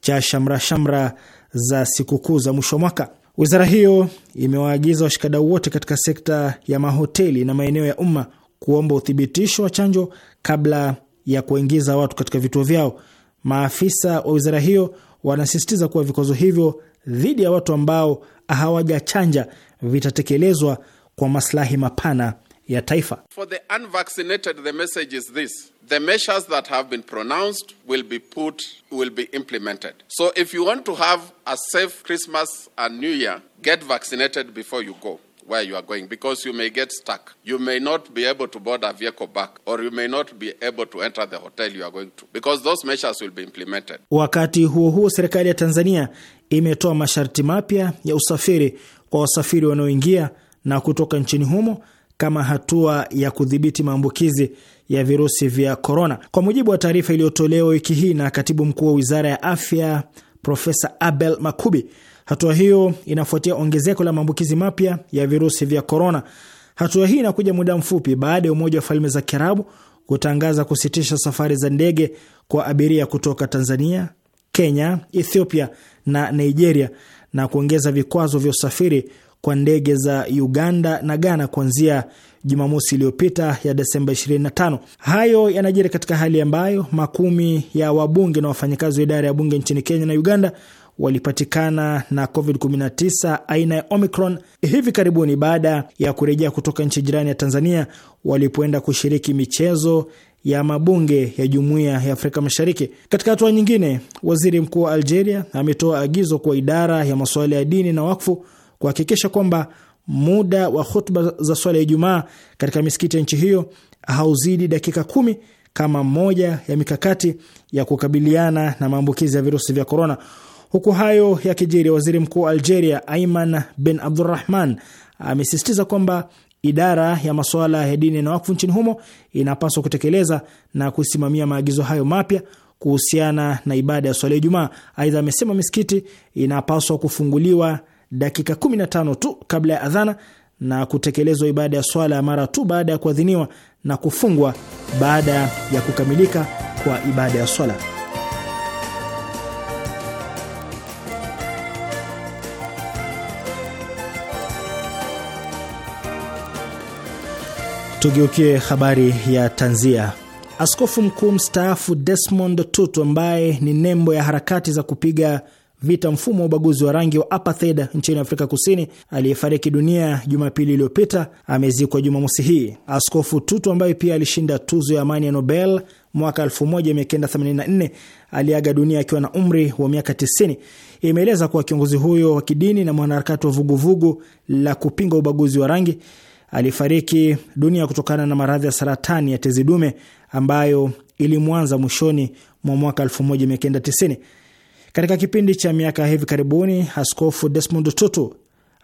cha shamrashamra za sikukuu za mwisho wa mwaka. Wizara hiyo imewaagiza washikadau wote katika sekta ya mahoteli na maeneo ya umma kuomba uthibitisho wa chanjo kabla ya kuingiza watu katika vituo vyao. Maafisa wa wizara hiyo wanasisitiza kuwa vikwazo hivyo dhidi ya watu ambao hawajachanja vitatekelezwa kwa maslahi mapana ya taifa. For the unvaccinated, the message is this. The measures that have been pronounced will be put, will be implemented. So if you want to have a safe Christmas and New Year, get vaccinated before you go where you are going because you may get stuck. You may not be able to board a vehicle back or you may not be able to enter the hotel you are going to because those measures will be implemented. Wakati huo huo, serikali ya Tanzania imetoa masharti mapya ya usafiri kwa wasafiri wanaoingia na kutoka nchini humo kama hatua ya kudhibiti maambukizi ya virusi vya korona. Kwa mujibu wa taarifa iliyotolewa wiki hii na katibu mkuu wa wizara ya afya Profesa Abel Makubi, hatua hiyo inafuatia ongezeko la maambukizi mapya ya virusi vya korona. Hatua hii inakuja muda mfupi baada ya Umoja wa Falme za Kiarabu kutangaza kusitisha safari za ndege kwa abiria kutoka Tanzania, Kenya, Ethiopia na Nigeria na kuongeza vikwazo vya usafiri kwa ndege za Uganda na Ghana kuanzia Jumamosi iliyopita ya Desemba 25. Hayo yanajiri katika hali ambayo makumi ya wabunge na wafanyakazi wa idara ya bunge nchini Kenya na Uganda walipatikana na COVID-19 aina ya Omicron hivi karibuni baada ya kurejea kutoka nchi jirani ya Tanzania walipoenda kushiriki michezo ya mabunge ya Jumuiya ya Afrika Mashariki. Katika hatua nyingine, Waziri Mkuu wa Algeria ametoa agizo kwa idara ya masuala ya dini na wakfu kuhakikisha kwamba muda wa khutba za swala ya Ijumaa katika misikiti ya nchi hiyo hauzidi dakika kumi kama moja ya mikakati ya kukabiliana na maambukizi ya virusi vya korona. Huku hayo yakijiri, waziri mkuu wa Algeria Aiman Bin Abdurahman amesisitiza kwamba idara ya masuala ya dini na wakfu nchini humo inapaswa kutekeleza na kusimamia maagizo hayo mapya kuhusiana na ibada ya swala ya Ijumaa. Aidha, amesema misikiti inapaswa kufunguliwa dakika 15 tu kabla ya adhana na kutekelezwa ibada ya swala ya mara tu baada ya kuadhiniwa na kufungwa baada ya kukamilika kwa ibada ya swala. Tugeukie habari ya tanzia. Askofu mkuu mstaafu Desmond Tutu ambaye ni nembo ya harakati za kupiga vita mfumo wa ubaguzi wa rangi wa apartheid nchini Afrika Kusini aliyefariki dunia Jumapili iliyopita amezikwa Jumamosi hii. Askofu Tutu ambaye pia alishinda tuzo ya amani ya Nobel mwaka 1984 aliaga dunia akiwa na umri wa miaka 90. Imeeleza kuwa kiongozi huyo wa kidini na mwanaharakati wa vuguvugu la kupinga ubaguzi wa rangi alifariki dunia kutokana na maradhi ya saratani ya tezi dume ambayo ilimwanza mwishoni mwa mwaka 1990. Katika kipindi cha miaka hivi karibuni, Askofu Desmond Tutu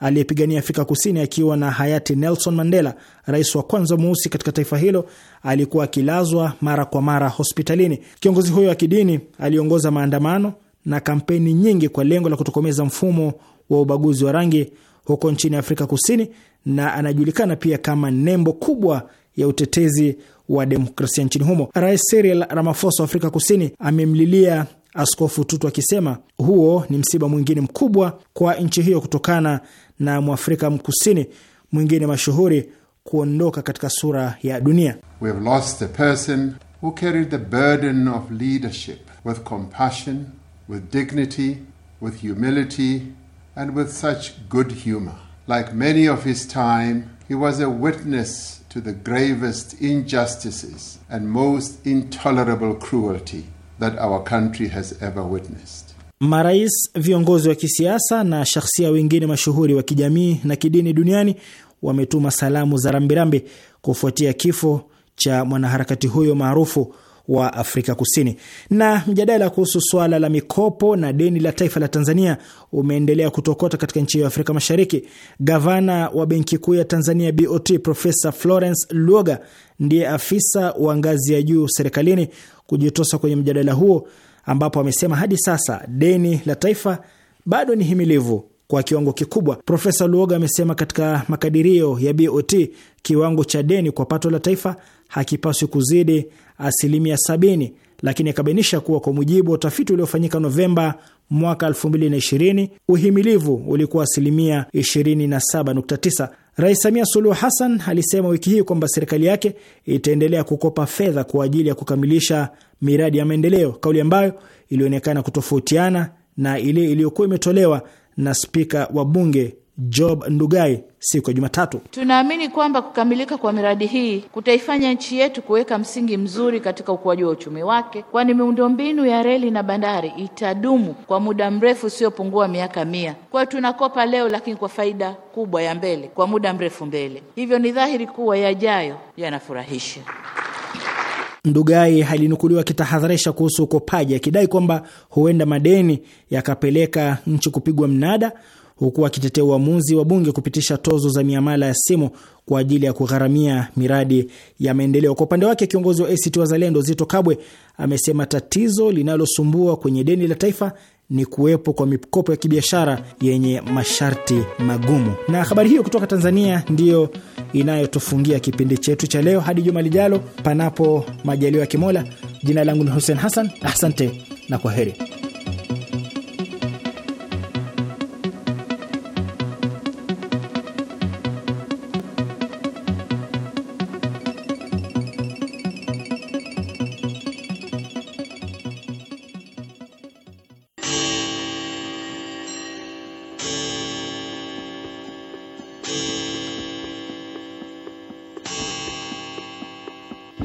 aliyepigania Afrika Kusini akiwa na hayati Nelson Mandela, rais wa kwanza mweusi katika taifa hilo, alikuwa akilazwa mara kwa mara hospitalini. Kiongozi huyo wa kidini aliongoza maandamano na kampeni nyingi kwa lengo la kutokomeza mfumo wa ubaguzi wa rangi huko nchini Afrika Kusini, na anajulikana pia kama nembo kubwa ya utetezi wa demokrasia nchini humo. Rais Cyril Ramaphosa wa Afrika Kusini amemlilia Askofu Tutu akisema huo ni msiba mwingine mkubwa kwa nchi hiyo kutokana na mwafrika mkusini mwingine mashuhuri kuondoka katika sura ya dunia. We have lost a person who carried the burden of leadership with compassion, with dignity, with humility and with such good humor. Like many of his time, he was a witness to the gravest injustices and most intolerable cruelty that our country has ever witnessed. Marais, viongozi wa kisiasa na shakhsia wengine mashuhuri wa kijamii na kidini duniani wametuma salamu za rambirambi kufuatia kifo cha mwanaharakati huyo maarufu wa Afrika Kusini. Na mjadala kuhusu swala la mikopo na deni la taifa la Tanzania umeendelea kutokota katika nchi hiyo ya Afrika Mashariki. Gavana wa Benki Kuu ya Tanzania BOT Profesa Florence Luoga ndiye afisa wa ngazi ya juu serikalini kujitosa kwenye mjadala huo, ambapo amesema hadi sasa deni la taifa bado ni himilivu kwa kiwango kikubwa. Profesa Luoga amesema katika makadirio ya BOT kiwango cha deni kwa pato la taifa hakipaswi kuzidi asilimia sabini, lakini akabainisha kuwa kwa mujibu wa utafiti uliofanyika Novemba mwaka 2020 uhimilivu ulikuwa asilimia 27.9. Rais Samia Suluhu Hassan alisema wiki hii kwamba serikali yake itaendelea kukopa fedha kwa ajili ya kukamilisha miradi ya maendeleo, kauli ambayo ilionekana kutofautiana na ile iliyokuwa imetolewa na spika wa bunge Job Ndugai siku ya Jumatatu. Tunaamini kwamba kukamilika kwa miradi hii kutaifanya nchi yetu kuweka msingi mzuri katika ukuaji wa uchumi wake, kwani miundombinu ya reli na bandari itadumu kwa muda mrefu usiopungua miaka mia. Kwa hiyo tunakopa leo, lakini kwa faida kubwa ya mbele, kwa muda mrefu mbele. Hivyo ni dhahiri kuwa yajayo yanafurahisha. Ndugai alinukuliwa akitahadharisha kuhusu ukopaji, akidai kwamba huenda madeni yakapeleka nchi kupigwa mnada, huku akitetea uamuzi wa bunge kupitisha tozo za miamala ya simu kwa ajili ya kugharamia miradi ya maendeleo. Kwa upande wake, kiongozi wa ACT Wazalendo Zito Kabwe amesema tatizo linalosumbua kwenye deni la taifa ni kuwepo kwa mikopo ya kibiashara yenye masharti magumu. Na habari hiyo kutoka Tanzania ndiyo inayotufungia kipindi chetu cha leo. Hadi juma lijalo, panapo majaliwa ya Kimola. Jina langu ni Hussein Hassan, asante na kwa heri.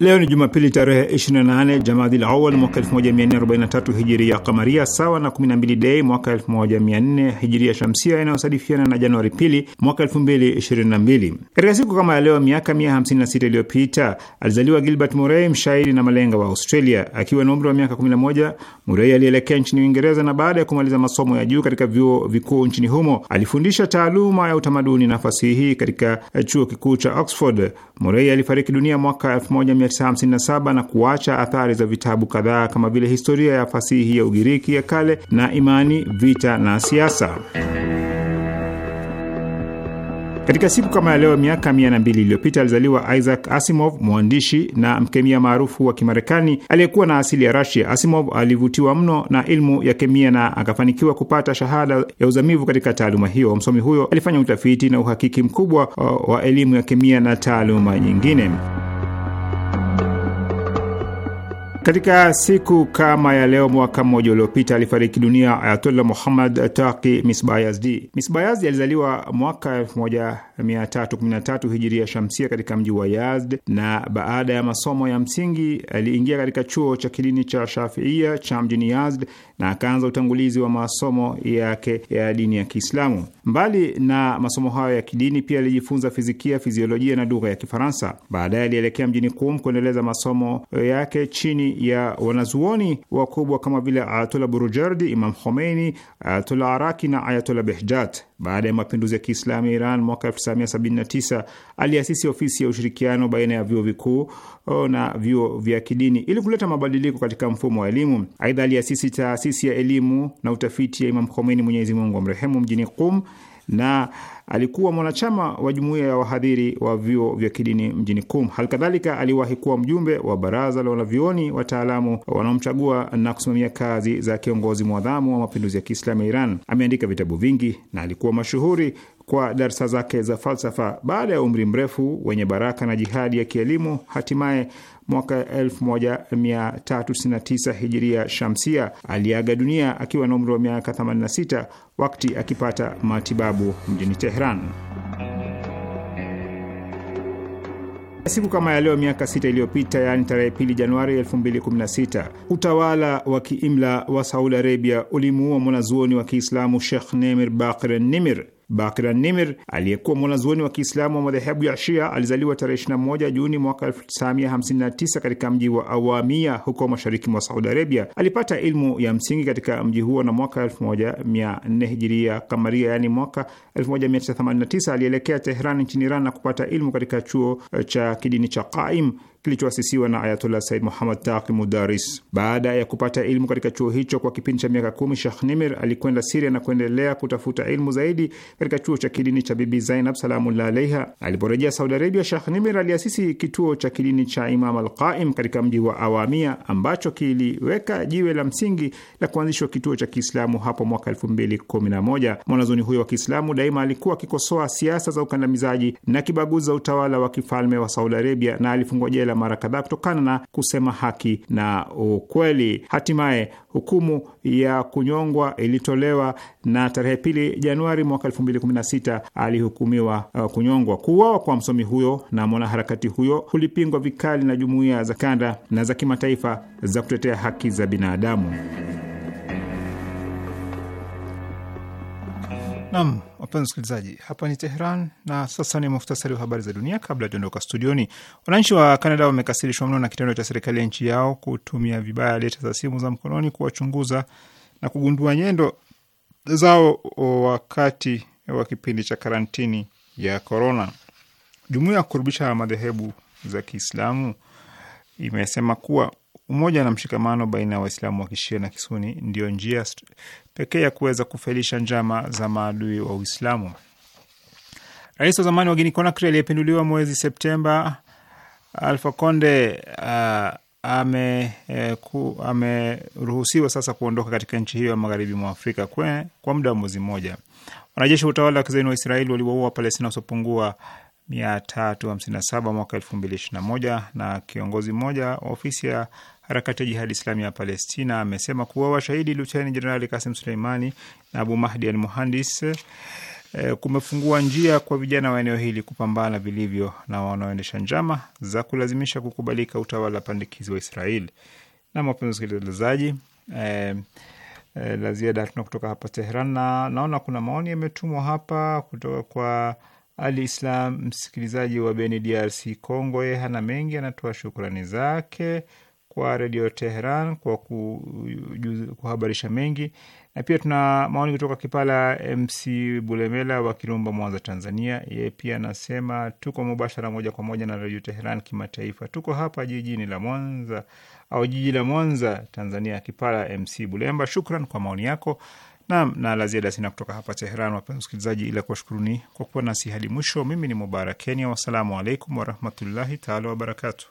Leo ni Jumapili tarehe 28 la Awal mwaka 1443 hijiria kamaria, sawa na 12 Dei mwaka 1400 hijiria shamsia, inayosadifiana na Januari pili mwaka 2022. Katika siku kama ya leo miaka 156 iliyopita alizaliwa Gilbert Murray, mshairi na malenga wa Australia. Akiwa na umri wa miaka 11, Murray alielekea nchini Uingereza na baada ya kumaliza masomo ya juu katika vyuo vikuu nchini humo alifundisha taaluma ya utamaduni na fasihi katika eh, chuo kikuu cha Oxford. Murray alifariki dunia mwaka 1 1957 na kuacha athari za vitabu kadhaa kama vile historia ya fasihi ya Ugiriki ya kale na imani, vita na siasa. Katika siku kama ya leo miaka mia na mbili iliyopita alizaliwa Isaac Asimov, mwandishi na mkemia maarufu wa Kimarekani aliyekuwa na asili ya Rasia. Asimov alivutiwa mno na ilmu ya kemia na akafanikiwa kupata shahada ya uzamivu katika taaluma hiyo. Msomi huyo alifanya utafiti na uhakiki mkubwa uh, wa elimu ya kemia na taaluma nyingine. Katika siku kama ya leo mwaka mmoja uliopita alifariki dunia Ayatollah Muhammad Taqi Misbayazdi. Misbayazdi alizaliwa mwaka 1313 hijiria shamsia katika mji wa Yazd, na baada ya masomo ya msingi aliingia katika chuo cha kidini cha Shafiia cha mjini Yazd na akaanza utangulizi wa masomo yake ya dini ya Kiislamu. Mbali na masomo hayo ya kidini, pia alijifunza fizikia, fiziolojia na lugha ya Kifaransa. Baadaye alielekea mjini Qum kuendeleza masomo yake chini ya wanazuoni wakubwa kama vile Ayatollah Burujardi, Imam Khomeini, Ayatollah Araki na Ayatollah Behjat. Baada ya mapinduzi ya Kiislamu ya Iran mwaka 1979 aliasisi ofisi ya ushirikiano baina ya vyuo vikuu oh, na vyuo vya kidini ili kuleta mabadiliko katika mfumo wa elimu. Aidha, aliasisi taasisi taasisi ya elimu na utafiti ya Imam Khomeini, Mwenyezi Mungu amrehemu, mjini Qum na alikuwa mwanachama wa jumuiya ya wahadhiri wa vyuo vya kidini mjini Qum. Halikadhalika, aliwahi kuwa mjumbe wa baraza la wanavyuoni wataalamu wanaomchagua na kusimamia kazi za kiongozi mwadhamu wa mapinduzi ya Kiislamu ya Iran. Ameandika vitabu vingi na alikuwa mashuhuri kwa darsa zake za falsafa. Baada ya umri mrefu wenye baraka na jihadi ya kielimu, hatimaye mwaka 1369 hijiria shamsia. Aliaga dunia akiwa na umri wa miaka 86 wakati akipata matibabu mjini Teheran. Siku kama ya leo miaka sita iliyopita, yaani tarehe pili Januari 2016, utawala wa kiimla wa Saudi Arabia ulimuua mwanazuoni wa Kiislamu Sheikh Nemir Bakr Nimir. Bakir Nimir aliyekuwa mwanazuoni wa Kiislamu wa madhehebu ya Shia alizaliwa tarehe 21 Juni mwaka 1959 katika mji wa Awamia huko mashariki mwa Saudi Arabia. Alipata ilmu ya msingi katika mji huo na mwaka 1400 hijiria kamaria, yaani mwaka 1989 alielekea Teheran nchini Iran na kupata ilmu katika chuo cha kidini cha Qaim kilichoasisiwa na Ayatollah Said Muhammad Taqi Mudaris. Baada ya kupata ilmu katika chuo hicho kwa kipindi cha miaka kumi, Shekh Nimir alikwenda Siria na kuendelea kutafuta ilmu zaidi katika chuo cha kidini cha Bibi Zainab salamullah alaiha. Aliporejea Saudi Arabia, Shekh Nimir aliasisi kituo cha kidini cha Imam Alqaim katika mji wa Awamia ambacho kiliweka jiwe la msingi la kuanzishwa kituo cha Kiislamu hapo mwaka elfu mbili kumi na moja. Mwanazoni huyo wa Kiislamu daima alikuwa akikosoa siasa za ukandamizaji na kibaguzi za utawala wa kifalme wa Saudi Arabia na alifungwa jela mara kadhaa kutokana na kusema haki na ukweli. Hatimaye hukumu ya kunyongwa ilitolewa na tarehe pili Januari mwaka elfu mbili kumi na sita alihukumiwa uh, kunyongwa. Kuuawa kwa msomi huyo na mwanaharakati huyo kulipingwa vikali na jumuiya za kanda na za kimataifa za kutetea haki za binadamu. Nam, Wapenzi msikilizaji, hapa ni Tehran na sasa ni muhtasari wa habari za dunia kabla ya studioni. Wananchi wa Kanada wamekasirishwa mno na kitendo cha serikali ya nchi yao kutumia vibaya leta za simu za mkononi kuwachunguza na kugundua nyendo zao wakati wa kipindi cha karantini ya korona. Jumuiya ya kukurubisha madhehebu za Kiislamu imesema kuwa Umoja na mshikamano baina ya Waislamu wa kishia na kisuni ndiyo njia pekee ya kuweza kufailisha njama za maadui wa Uislamu. Rais wa zamani wa Guinea Conakry aliyepinduliwa mwezi Septemba, Alpha Conde uh, eh, ameruhusiwa eh, ame sasa kuondoka katika nchi hiyo ya magharibi mwa Afrika kwe, kwa muda wa mwezi mmoja. Wanajeshi wa utawala wa kizaini wa Israeli waliwaua Wapalestina wasiopungua 357 mwaka 2021 na kiongozi mmoja wa ofisi ya harakati ya Jihadi Islami ya Palestina amesema kuwa washahidi Luteni Jenerali Kasim Suleimani na Abu Mahdi al Muhandis e, eh, kumefungua njia kwa vijana wa eneo hili kupambana vilivyo na wanaoendesha njama za kulazimisha kukubalika utawala pandikizi wa Israeli. Na mapenzi wasikilizaji e, e, la ziada tuna kutoka hapa Tehran, na naona kuna maoni yametumwa hapa kutoka kwa ali Islam, msikilizaji wa Beni, DRC Kongo. Yeye hana mengi, anatoa shukrani zake kwa Redio Teheran kwa kuhabarisha mengi, na pia tuna maoni kutoka Kipala MC Bulemela wa Kirumba, Mwanza, Tanzania. Yeye pia anasema tuko mubashara moja kwa moja na Redio Teheran kimataifa, tuko hapa jijini la Mwanza au jiji la Mwanza, Tanzania. Kipala MC Bulemba, shukran kwa maoni yako. Naam, na la ziada sina kutoka hapa Teheran, wapenzi wasikilizaji, ila kuwashukuruni kwa kuwa nasi hadi mwisho. Mimi ni Mubarak Kenya, wassalamu alaikum warahmatullahi taala wabarakatu.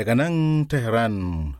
Daga nan Tehran